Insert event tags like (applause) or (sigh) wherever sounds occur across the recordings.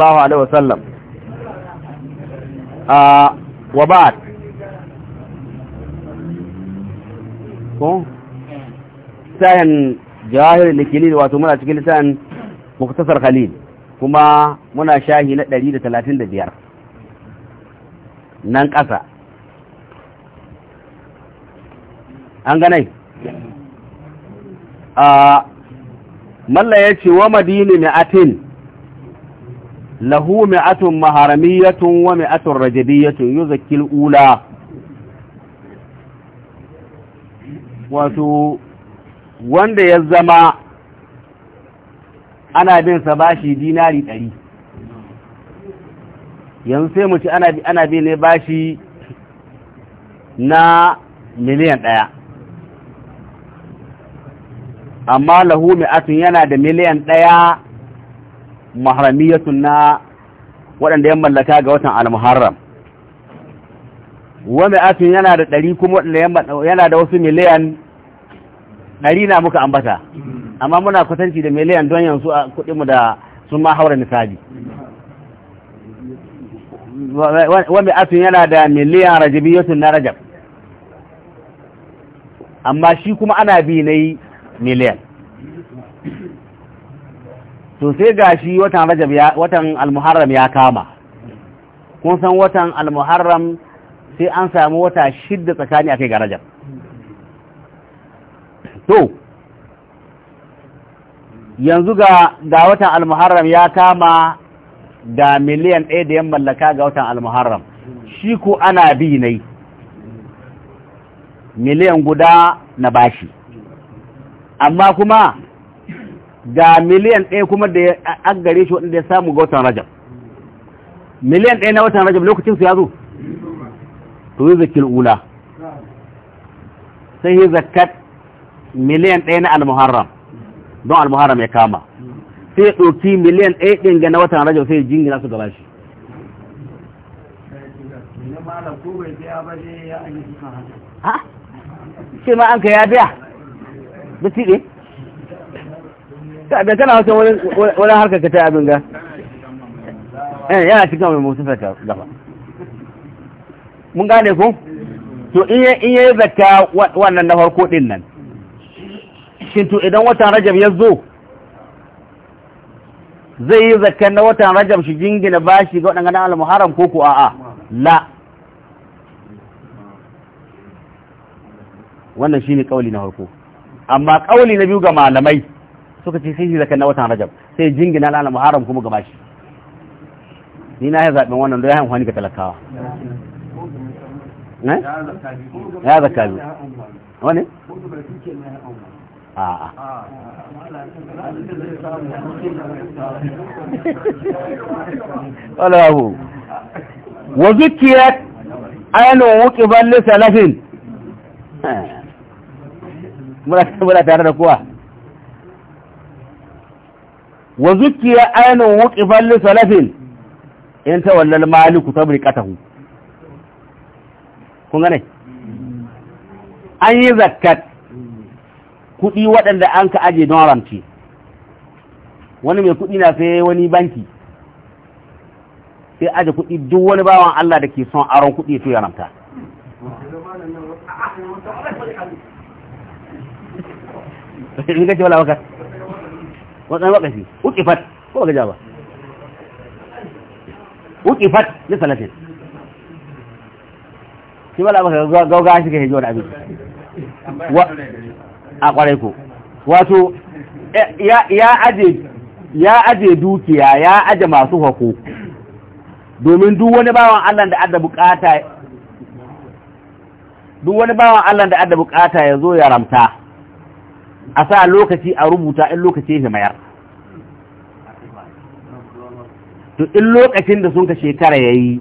sallallahu alaihi wasallam a ah, wa ba'd ko sayan jahir likilil wato muna cikin lisan muktasar khalil kuma muna shahi na 135 nan ƙasa an ganai a ah, malla ya ce wa madini mai atin lahu mi'atun maharamiyatun wa mi'atun rajabiyatun yuzakki ula wato wanda ya zama ana bin sa bashi dinari ɗari yanzu sai mu ci ana bi ne bashi na miliyan ɗaya amma lahu mi'atun yana da miliyan ɗaya mahramiyatun na waɗanda ya mallaka ga watan al-muharram wa mai'atun yana da ɗari kuma waɗanda yana da wasu miliyan ɗari na muka ambata amma muna kwatanci da miliyan don yanzu a kuɗinmu da sun ma haura misali wa mai'atun yana da miliyan rajabiyatun na rajab amma shi kuma ana bi na yi miliyan to sai gashi watan rajab ya watan almuharram ya kama kun san watan almuharram sai an samu wata shidda tsakani akai ga rajab to yanzu ga ga watan almuharram ya kama da miliyan ɗaya da yan mallaka ga watan almuharram shi ko ana bi ne miliyan guda na bashi amma kuma ga miliyan ɗaya kuma da ya gare shi waɗanda ya samu ga watan rajab miliyan ɗaya na watan rajab lokacin su ya zo to yi zakil ula sai yi zakat miliyan ɗaya na almuharram don almuharram ya kama sai ya ɗauki miliyan ɗaya ɗin ga na watan rajab sai ya jingina su gaba shi ce ma an ka ya biya bisi ɗin da kana wasu wani harkar ka ta abin ga eh, yana cikin wani musu zaka gaba mun gane ku to in yi zakka wannan na farko din nan shin to idan watan rajab ya zo zai yi zakka na watan rajab shi jingina bashi ga waɗanda al-muharram ko ko a'a la wannan shine kauli na farko amma kauli na biyu ga malamai suka ce sai zaka na watan rajab sai jingina lana muharram kuma gaba shi ni na ya zaɓin wannan don ya hankwani ga talakawa eh? ya zaka biyu wani? a'a walahu wa zukiyat ainihin wuƙi ban lisa lafin eh. mura tare da kuwa wa zukiya ainihin wuƙifan lissalafin in ta wallal maliku ta burkatahu kun gane an yi zakat kuɗi waɗanda an ka aje don ramce wani mai kuɗi na sai wani banki sai aje kuɗi duk wani bawan Allah da ke son aron kuɗi su ya ramta (laughs) in ce wala wakar wannan wakafi uqifat ko ga jaba uqifat ni salatin shi wala baka gauga shi ga hijo da abin a kware ko wato ya aje ya aje dukiya ya aje masu hako domin duk wani bawan Allah da adda bukata duk wani bawan Allah da adda bukata ya zo ya ramta a sa lokaci a rubuta in lokaci ya mayar to in lokacin da sun ka shekara ya yi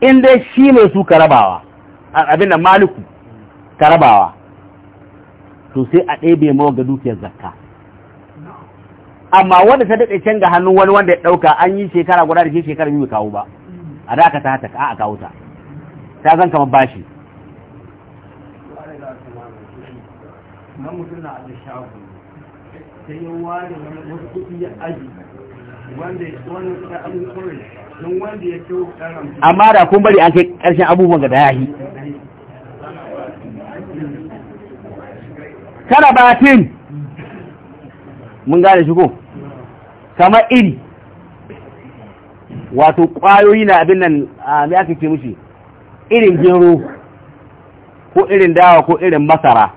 in dai shi mai su karabawa abin da maliku karabawa to sai a ɗebe mawa ga dukiyar zakka amma wanda ta daɗe can ga hannun wani wanda ya ɗauka an yi shekara guda da shi shekara biyu kawo ba a da aka ta haka a kawo ta ta zan kama bashi na da sai amma da kun bari an kai ƙarshen abubuwan ga dayahi kana batin mun gane shi ko kama iri wato ƙwayoyi na abin nan a mai ake ce mushi irin gero ko irin dawa ko irin masara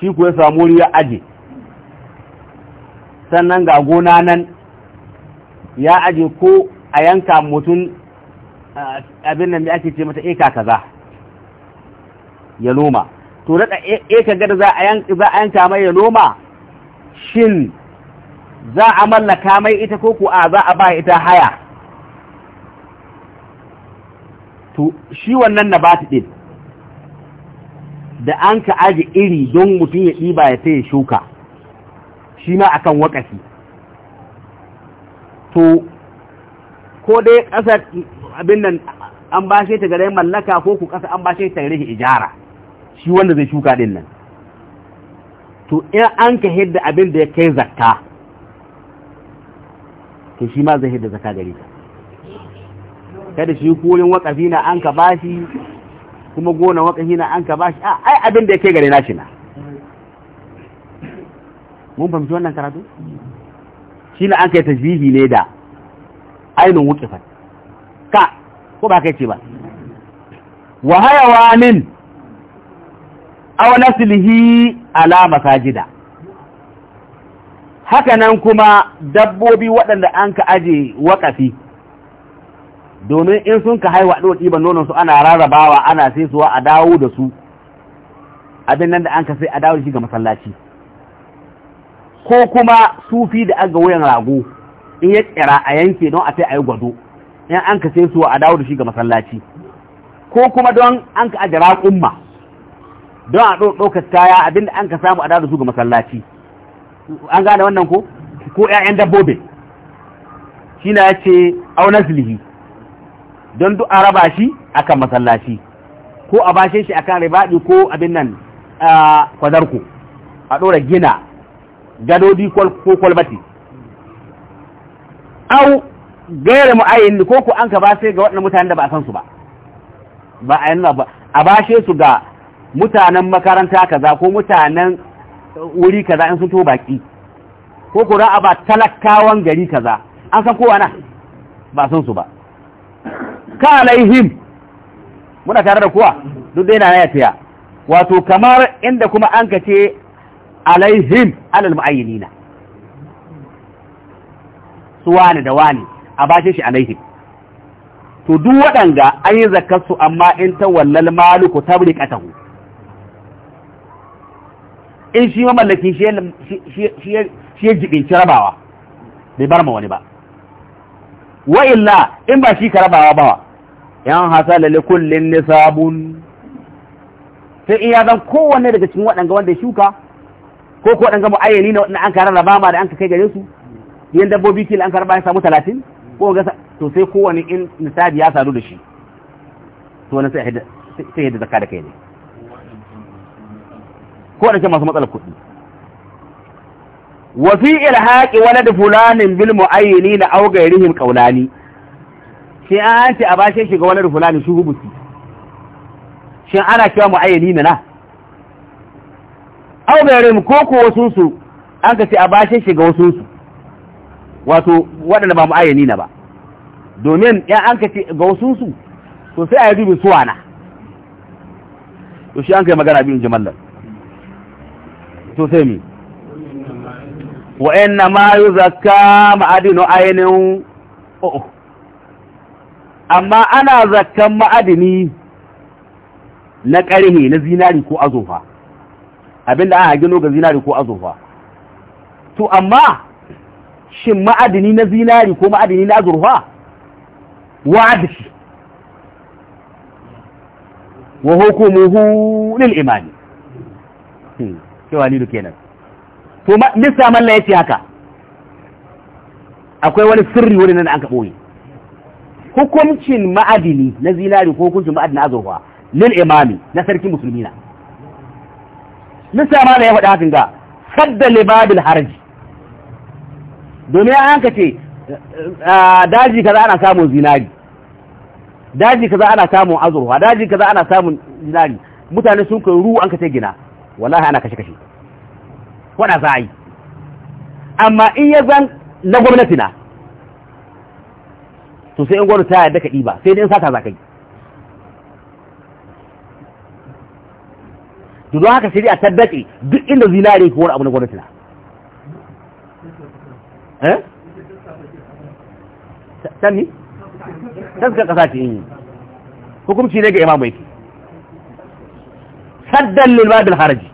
shi kuwa samu wuri ya aje sannan ga gona nan ya aje ko a yanka mutum abin nan da ake ce mata eka kaza ya noma to daɗa e, eka gada za a yanka mai ya noma shin za a mallaka mai ita ko ku a za a ba ita haya to shi wannan na ba ta ɗin da an ka aji iri don mutum ya ɗiba ya taya shuka shi ma akan wakasi to ko dai ƙasar abin nan an ba shi ta gare mallaka ko ku ƙasa an ba shi ta gare ijara shi wanda zai shuka din nan to in an ka hidda abin da ya kai zakka to shi ma zai hidda zakka gare ka kada shi koyin wakafi na an ka bashi kuma gona waka hina an ka bashi a ai abin da yake gare na shi na mun fahimci wannan karatu shi na an kai tajbihi ne da ainihin wukifat ka ko ba ka ce ba wa hayawanin aw naslihi ala masajida hakanan kuma dabbobi waɗanda an ka aje waƙafi domin in sun ka haihuwa ɗo ɗiban nonon su ana rarrabawa ana sai suwa a dawo da su abin nan da an ka sai a dawo da shi ga masallaci ko kuma sufi da aka wuyan rago in ya kira a yanke don a sai a yi gwado in an ka sai suwa a dawo da shi ga masallaci ko kuma don an ka ajira umma don a ɗaukar kaya da an ka samu a dawo da su ga masallaci an gane wannan ko ko 'ya'yan dabbobin shi na ya ce aunar silihi. don duk a raba shi akan masallaci ko a bashe shi akan ribaɗi ko abin nan kwadarku a ɗora gina gadodi ko kwalbati au gaira mu'ayin ko ku an ka ba sai ga waɗannan mutanen da ba a san su ba ba a yana ba a bashe su ga mutanen makaranta kaza ko mutanen wuri kaza in sun to baki ko ku ra'a ba talakawan gari kaza an san kowa na ba san su ba ka alaihim muna tare da kuwa duk dai na ya tiya wato kamar inda kuma an ka ce alaihim alal mu'ayyinina su wani da wani a bashe shi alaihim to duk waɗanga an yi zakarsu amma in ta wallal maluku tabriqatahu in shi mamallaki shi ya jibinci rabawa bai bar ma wani ba wa illa in ba shi karabawa ba yan hasa lalle kullin nisabun sai in ya zan kowanne daga cikin waɗanga wanda ya shuka ko ko waɗanga mu'ayyani na waɗanda an ka rarraba ma da an ka kai gare su yan dabbobi kila an ka ya samu talatin ko ga to sai kowanne in nisabi ya sadu da shi to wannan sai yadda zakka da kai ne ko waɗanda masu matsalar kuɗi wa haƙi wani da fulanin bil na aw ghayrihim ƙaunani, shi an ce a bashe shi wani da fulanin shi hubusi shin ana mu mu'ayyin na aw ghayrihim ko ko wasu su an ka ce a bashe shi ga wasu su wato waɗanda ba mu mu'ayyin na ba domin ya an ka ce ga wasu su to sai a yi suwa na. to shi an kai magana biyun jamallar to sai mi wa inna ma yuzakka ma'adinu ainin oh, oh. amma ana zakkan ma'adini na ƙarhe na zinari ko azufa abinda aka gino ga zinari ko azufa to amma shin ma'adini na zinari ko ma'adini na azurfa wa'ad shi wa hukumuhu lil imani hmm, cewa ni kenan to lissa malla ya ce haka akwai wani sirri wani nan da aka ɓoye hukuncin ma'adini na zinari ko hukuncin ma'adini azurfa lil imami na sarki musulmi na lissa malla ya faɗa hakan ga sadda libabil harji domin an ka ce daji kaza ana samun zinari daji kaza ana samun azurfa daji kaza ana samun zinari mutane sun kai ruwa an ka ce gina wallahi ana kashe kashe waɗa za a yi amma in ya zan na gwamnati na to sai in gwamnati ta yadda ka ɗiba sai dai sata za ka yi to haka sai a daɗe duk inda zinare ko wani abu na gwamnati na eh? sani? sani suka ƙasa ce yi eh. hukumci ne ga imamu yake saddan lil babil haraji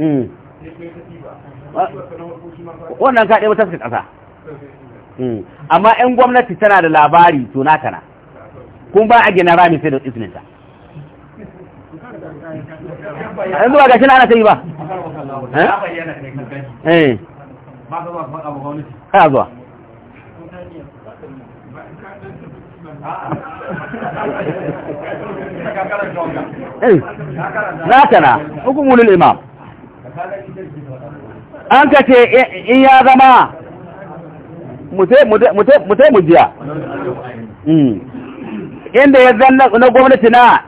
Hmm. wannan ka ɗaya taska ƙasa hmm. amma 'yan gwamnati tana da labari to na tana kun ba a gina rami sai da izininta yanzu ba gashi na ana yi ba ha eh? eh. zuwa eh. na tana hukumulul imam an ka ce in ya zama mutai mu hmm. inda ya zanna na gwamnati na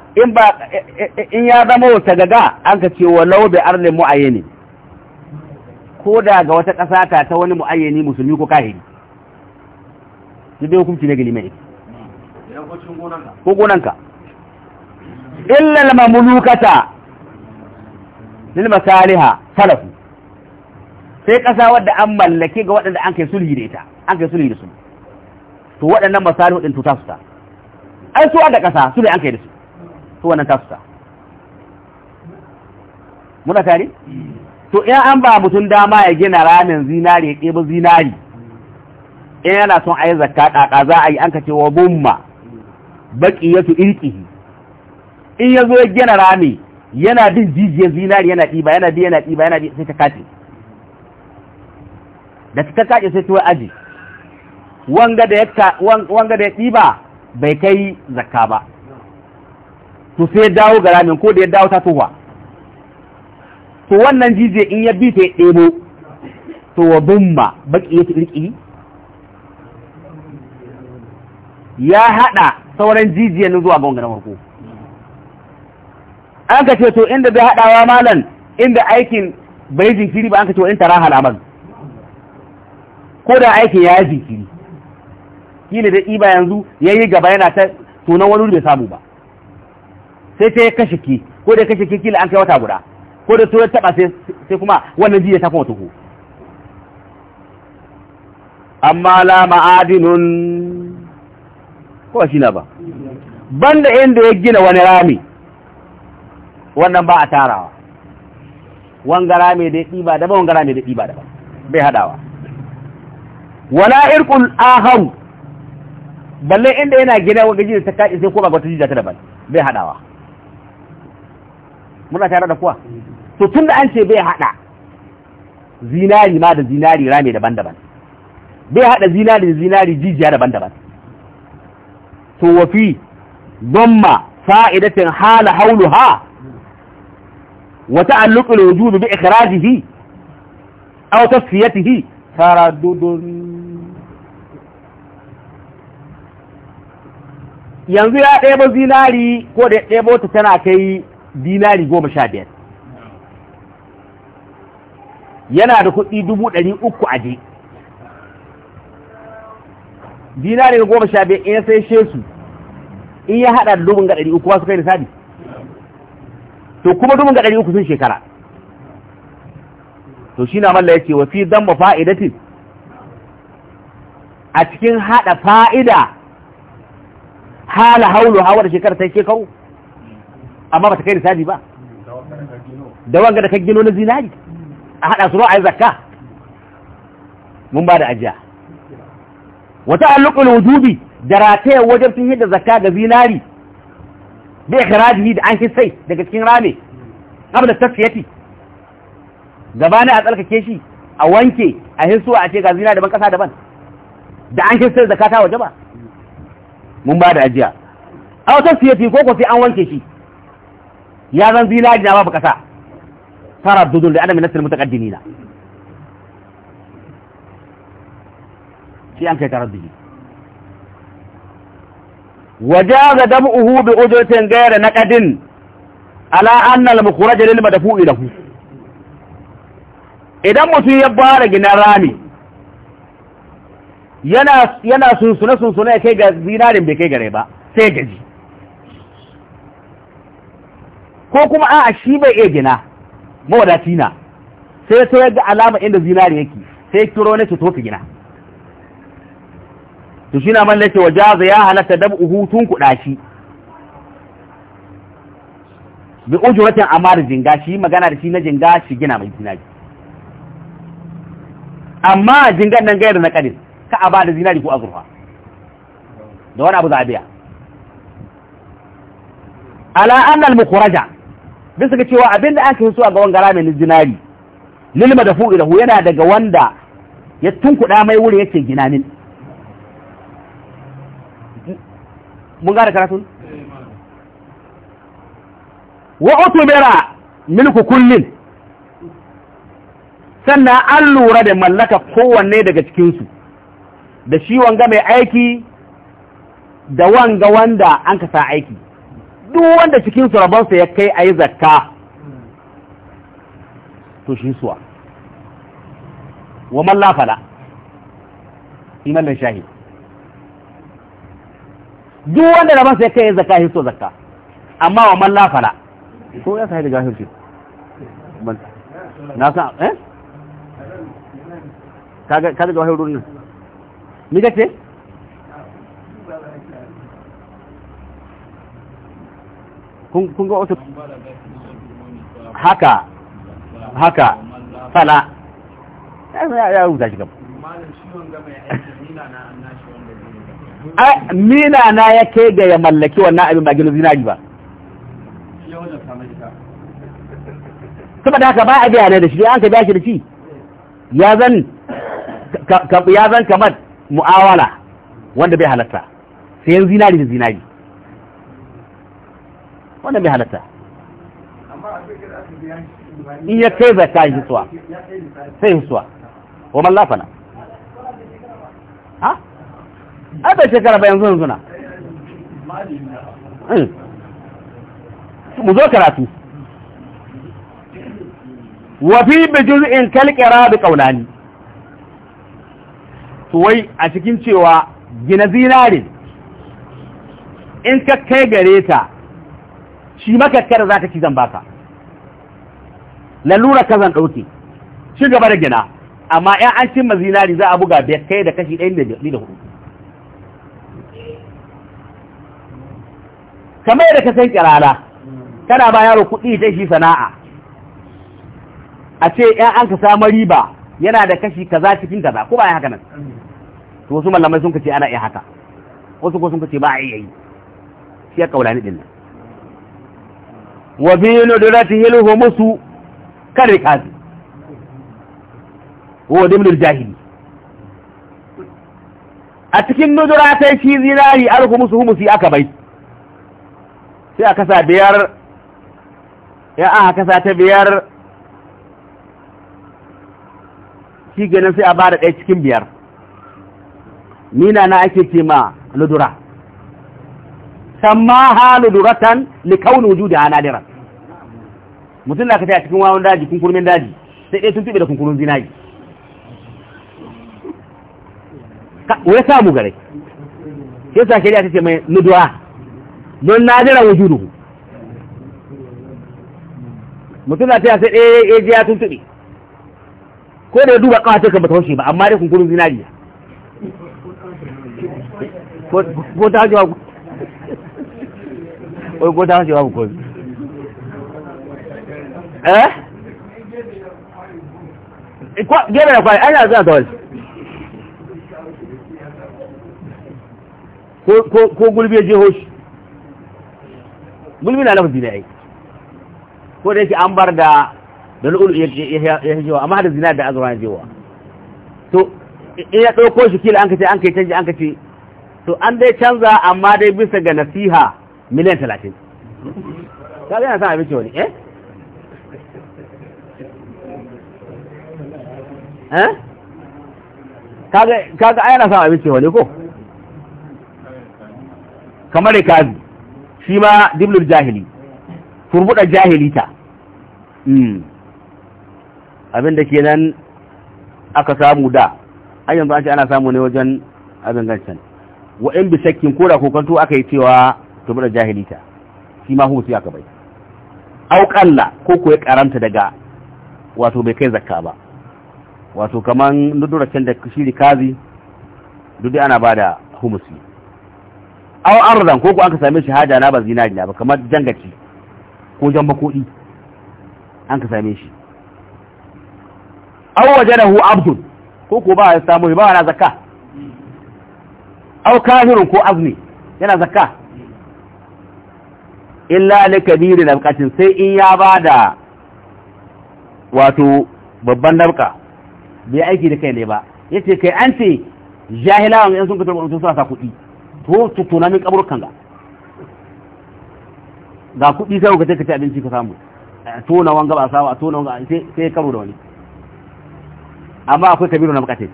in ya zama wata gaga an ka ce walau da arne mu'ayyani ko da ga wata ƙasa ta ta wani mu'ayyani musulmi ko kahiri su bai hukunci na gilimai ko gonanka illa lamamulukata lil masaliha salafu sai ƙasa wadda an mallake ga waɗanda an kai sulhi da ita an kai sulhi da su to waɗannan masalihu din tuta su ta ai su da ƙasa su ne an kai da su to wannan ta su ta muna tare to in an ba mutum dama ya gina ramin zinari ya kebe zinari in yana son a yi zakka ƙaƙa za a yi an ka ce wa bumma baƙi ya su in ya zo ya gina rami yana bin jijiyar zinari yana ɗiba yana bi yana ɗiba yana bi sai ta kace da ta kace sai ta aji wanga da ya wanga da ya ɗiba bai kai zakka ba to sai dawo ga ramin ko da ya dawo ta tuwa to wannan jijiyar in ya bi ta ɗebo to wa bumma baki ya riƙi ya haɗa sauran jijiyar zuwa ga wanga na farko an ka ce to inda bai haɗawa malan inda aikin bai jinkiri ba an ka ce wa in tara halaman ko da aikin ya yi jinkiri ne da ɗiba yanzu ya yi gaba yana ta tunan wani bai samu ba sai ta ya kashe ke ko da kashe ke kila an kai wata guda ko da to ya taɓa sai kuma wannan ya ta kuma ko amma la ma'adinun ko shi na ba banda inda ya gina wani rami wannan ba a tarawa wangara mai daɗi ba daban wangara mai daɗi ba daban bai haɗawa. wala irkul ahau balle inda yana gina wa gaji da ta kaɗi sai ko ba wata jija ta daban bai haɗawa. muna tare da kuwa to tun da an ce bai haɗa zinari ma da zinari rame daban-daban bai haɗa zinari da zinari jijiya daban-daban to wafi don ma fa'idatin hala haulu ha وتعلق الوجود بإخراجه أو تصفيته تردد yanzu ya ɗebo zinari ko da ya ɗebo ta tana kai dinari goma sha biyar yana da kuɗi dubu ɗari uku a je dinari goma sha biyar in ya sai shesu in ya haɗa da dubun ga ɗari uku wasu su kai da to kuma dubin ga ɗari uku sun shekara to shi na malla yake wa fi damma fa'idatin a cikin haɗa fa'ida hala haulu hawa da shekara ta shekaru amma ba ta kai sadi ba da wanga da ka gino na zinari a haɗa su ra'ayi zakka mun ba da ajiya wata alluƙul wujubi da rataya wajen fi hidda zakka ga zinari bi ikradihi da an kisai daga cikin rame qabla Gaba gabana a tsalkake shi a wanke a hisu a ce ga zina daban kasa daban da an hissai zakata waje ba mun ba da ajiya a wata siyati ko ko sai an wanke shi ya zan zina da babu kasa dudun da adam min asal mutaqaddimina shi an kai taraddudi wajaza dab'uhu bi ujratin ghayra naqadin ala anna al-mukhraj lil madfu'i lahu idan mutum ya bara gina rami yana yana sunsune sunsune ya kai ga zinarin bai kai gare ba sai gaji ko kuma a shi bai iya gina mawadaci na sai sai ga alama inda zinari yake sai kiro ne ce to fi gina to shi na mallake wa jaza ya halatta dab'uhu tun kuɗa shi bi ujuratin amar jinga shi magana da shi na jinga shi gina mai zinari amma jingan nan gayar na kadin ka a ba da zinari ko azurfa da wani abu zabiya ala al mukhraja bisa ga cewa abinda ake so a ga wanga mai zinari lilma da fu'i da yana daga wanda ya tunkuɗa mai wuri yake gina min mun gane karatun wa utumira milku kullin sannan an lura da mallaka kowanne daga cikinsu da shi wanga mai aiki da wanga wanda an ka aiki duk wanda cikinsu rabonsa ya kai a yi zakka to shi suwa wa mallafala imanin shahid duk wanda da masa ya kai zakka so zakka amma wa man lafala ko ya sai da gafirci ban na san eh kaga kaga jawahir durin ni kace kun kun ga wasu haka haka fala ya ya rubuta shi gaba malam shi wanga mai aiki ni na na shi minana na ya ke ga ya mallaki wannan abin ba gina zinari ba da haka ba a biya ne da shi an ka biya shi da shi ya zan kamar mu'awala wanda bai halatta sai yin zinari da zinari wanda bai halatta in ya kai zaka hisuwa sai hisuwa wa mallafana ha ai bai shekara bayan zuwan zuna eh. mu zo karatu wafi bi in kalqira bi qawlani to a cikin cewa gina zinare in ka kai gare ta shi maka za ka ci zan baka lalura ka zan dauke shi gaba da gina amma in an cimma zinari za a buga bai kai da kashi 1 da 4 kamar yadda ka san kirala kana ba yaro kuɗi ta shi sana'a a ce ‘yan an ka samu riba yana da kashi kaza cikin kaza ko ba ya haka nan to wasu malamai sun kace ana iya haka wasu ko sun kace ba a yi shi ya ni din nan wa bi nudrati hilhu musu kare kazi wa dimnul jahili a cikin nudura sai shi zinari alhu musu humusi aka bai sai a kasa biyar ya aka kasa ta biyar shi ganin sai a ba da ɗaya cikin biyar nina na ake ce ma ludura sammaha luduratan li kauni da a nadira mutum na ka a cikin wawan daji kunkurmin daji sai ɗaya sun tuɓe da kunkurin zinaji wai samu gare ke sa shari'a ta ce mai ludura don nadira wujuduhu mutum na taya sai ɗaya ya je ya tuntuɓe ko da ya duba kawai ka bata haushe ba amma dai kunkurin zinariya ko ta hajjewa ku ko ta hajjewa ku ko eh ko gebe da kwari an yi na tawali ko gulbe je hoshi mulmin na lafazi ne ai ko da yake an bar da da lulu ya hijewa amma da zina da azurwa jewa to in ya ɗauko shi kila an ka ce an kai canji an ka ce to an dai canza amma dai bisa ga nasiha miliyan talatin ka ga yana sa abinci wani eh eh kaga ai na sa abinci wani ko kamar da kazi shi ma dimlul jahili turbuɗar jahilita hmm. abin da kenan aka samu da an yanzu an ce ana samu ne wajen abin gancan wa in bi shakkin ko da aka yi cewa turbuɗar jahilita shi ma hukunci aka bai auƙalla ko ya karanta daga wato bai kai zakka ba wato kamar nuduracin da shiri kazi duk ana ba da humusi aw ardan ko ku aka same shi haja na ba zinari na ba kamar jangaci ko jamba makudi an ka same shi aw wajadahu abdun ko ko ba ya samu ba na zakka aw kafirun ko azmi yana zakka illa li kabirin nabqatin sai in ya bada wato babban nabka bai aiki da kai ne ba yace kai an ce jahilawan in sun ka tarbo sun sa kuɗi to tutuna min kaburukan ga ga kuɗi sai ka kace abinci ka samu tona wanga ba sawa tona wanga sai sai karo da wani amma akwai kabiru na bukatai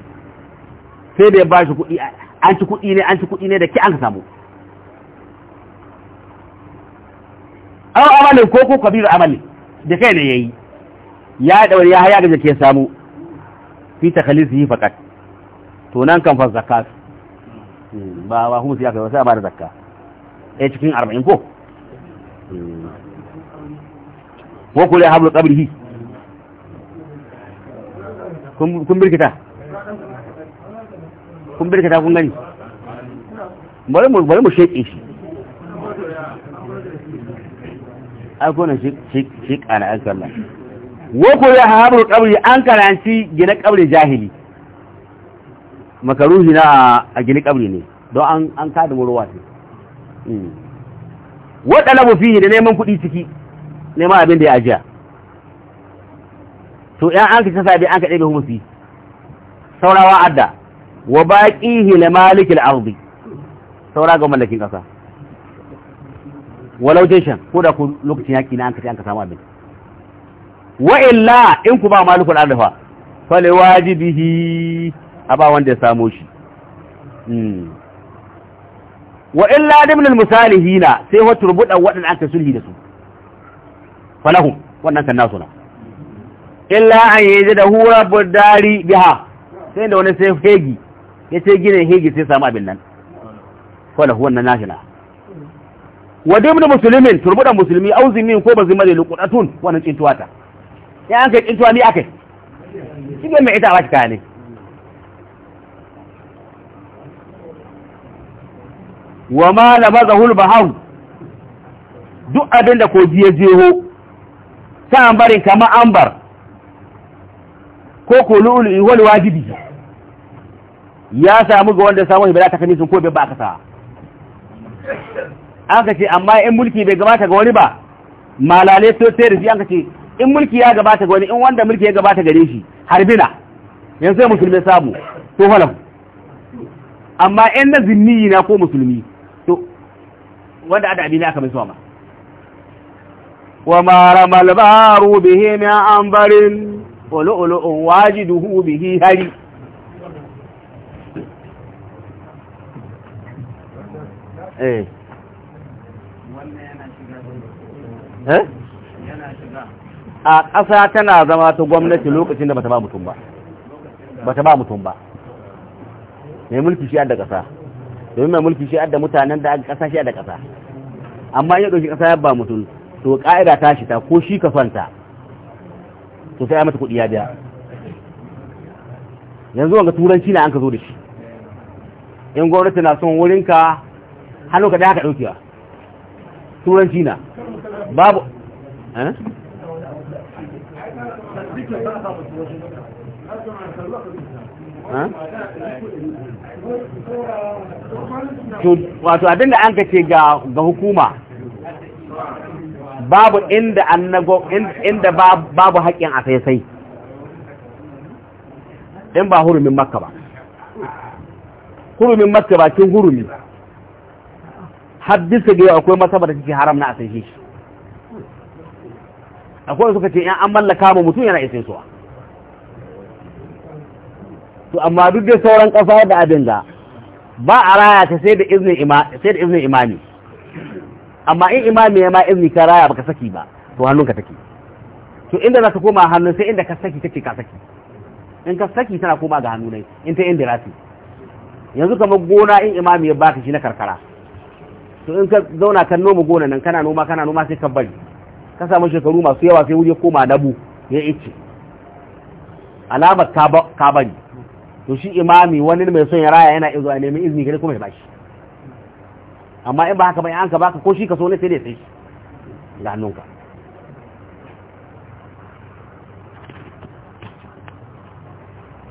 sai da ya bashi kuɗi an ci kuɗi ne an ci kuɗi ne da ki an ka samu aw amalin ko ko kabiru amali da kai ne yayi ya daure ya haya ga ke samu fi takhallisi fakat to nan kan fa zakat Hmm, ba ba kuma siya kai sai ba da zakka eh cikin 40 ko hmm. ko kula ya hablu qabrihi kun kun birkita kun birkita kun gani bari mu bari mu sheke shi ai ko na shi shi shi kana an kalla wo ko ya hablu qabri an karanci gina qabri jahili makaruhi na a gini kabri ne don an an kada murwa ce hmm. wa mafi fihi da neman kuɗi ciki neman abin da ya ajiya to yan an ka sabi an ka ɗebe humusi saurawa adda wa baqihi li malik al-ardi saura ga mallakin kasa walau shan ko da ku lokacin yaki na an ka an ka samu abin wa illa in ku ba malikul ardi fa fali wajibihi Aba ba wanda ya samo shi hmm. wa illa dimnul musalihina sai wa turbuda waɗanda aka sulhi da su falahum wannan kan nasu na illa an yaje da hura budari biha sai da wani sai hegi ya ce gina hegi sai samu abin nan falahu wannan nashi na wa dimnul muslimin turbuda auzi min ko bazima da luqatun wannan ta. ya an kai cintuwa ni akai shi mai ita a wata kane wa ma labazahul bahar duk abinda kogi ya jeho ta ambarin kama ambar ko ko lu'ulu wal wajibi ya samu ga wanda samu hibira ta kamisin ko bai ba a sa an ka ce amma in mulki bai gabata ga wani ba malale to sai rufi an ka ce in mulki ya gabata ga wani in wanda mulki ya gabata gare shi harbina yanzu sai musulmi samu to halam amma in na zinni na ko musulmi wanda ada abin aka mai soma wa ma ramal baru bihi min ambarin ulu'ulu'un wajiduhu bihi hari eh eh a ƙasa tana zama ta gwamnati lokacin da bata ba mutum ba bata ba mutum ba mai mulki shi'ar da ƙasa domin mai mulki shi'ar da mutanen da aka ƙasa shi'ar da ƙasa amma ya ɗauki ƙasa ya ba mutum to ƙa'ida ta shi ta ko shi ka fanta to sai ya mata kuɗi ya biya yanzu wanga turanci na an ka zo da shi in gwamnati na son wurinka hannu ka da ɗauki ɗaukewa turanci na babu eh? eh? wato abinda an ka ce ga hukuma babu inda annago inda babu haƙƙin a sai in ba hurumin makka ba hurumin makka ba cin hurumi haddisa da ga akwai masaba da cikin haram na a sai shi akwai suka ce in an mallaka mu mutum yana isai suwa to amma duk da sauran ƙasa da abin da ba a raya ta sai da izinin imami amma in imami ya ma izini ka raya baka saki ba to hannunka take to inda za ka koma hannun sai inda ka saki take ka saki in ka saki tana koma ga hannu ne in ta inda rafi yanzu kamar gona in imami ya baka shi na karkara to in ka zauna kan noma gona nan kana noma kana noma sai ka bari ka samu shekaru masu yawa sai wuri ya koma nabu ya ice alamar ka bari to shi imami wani mai son ya raya yana izuwa neman izini gari kuma ya bashi amma in ba haka ba an ka baka ko shi ka so ne sai dai sai shi ga hannunka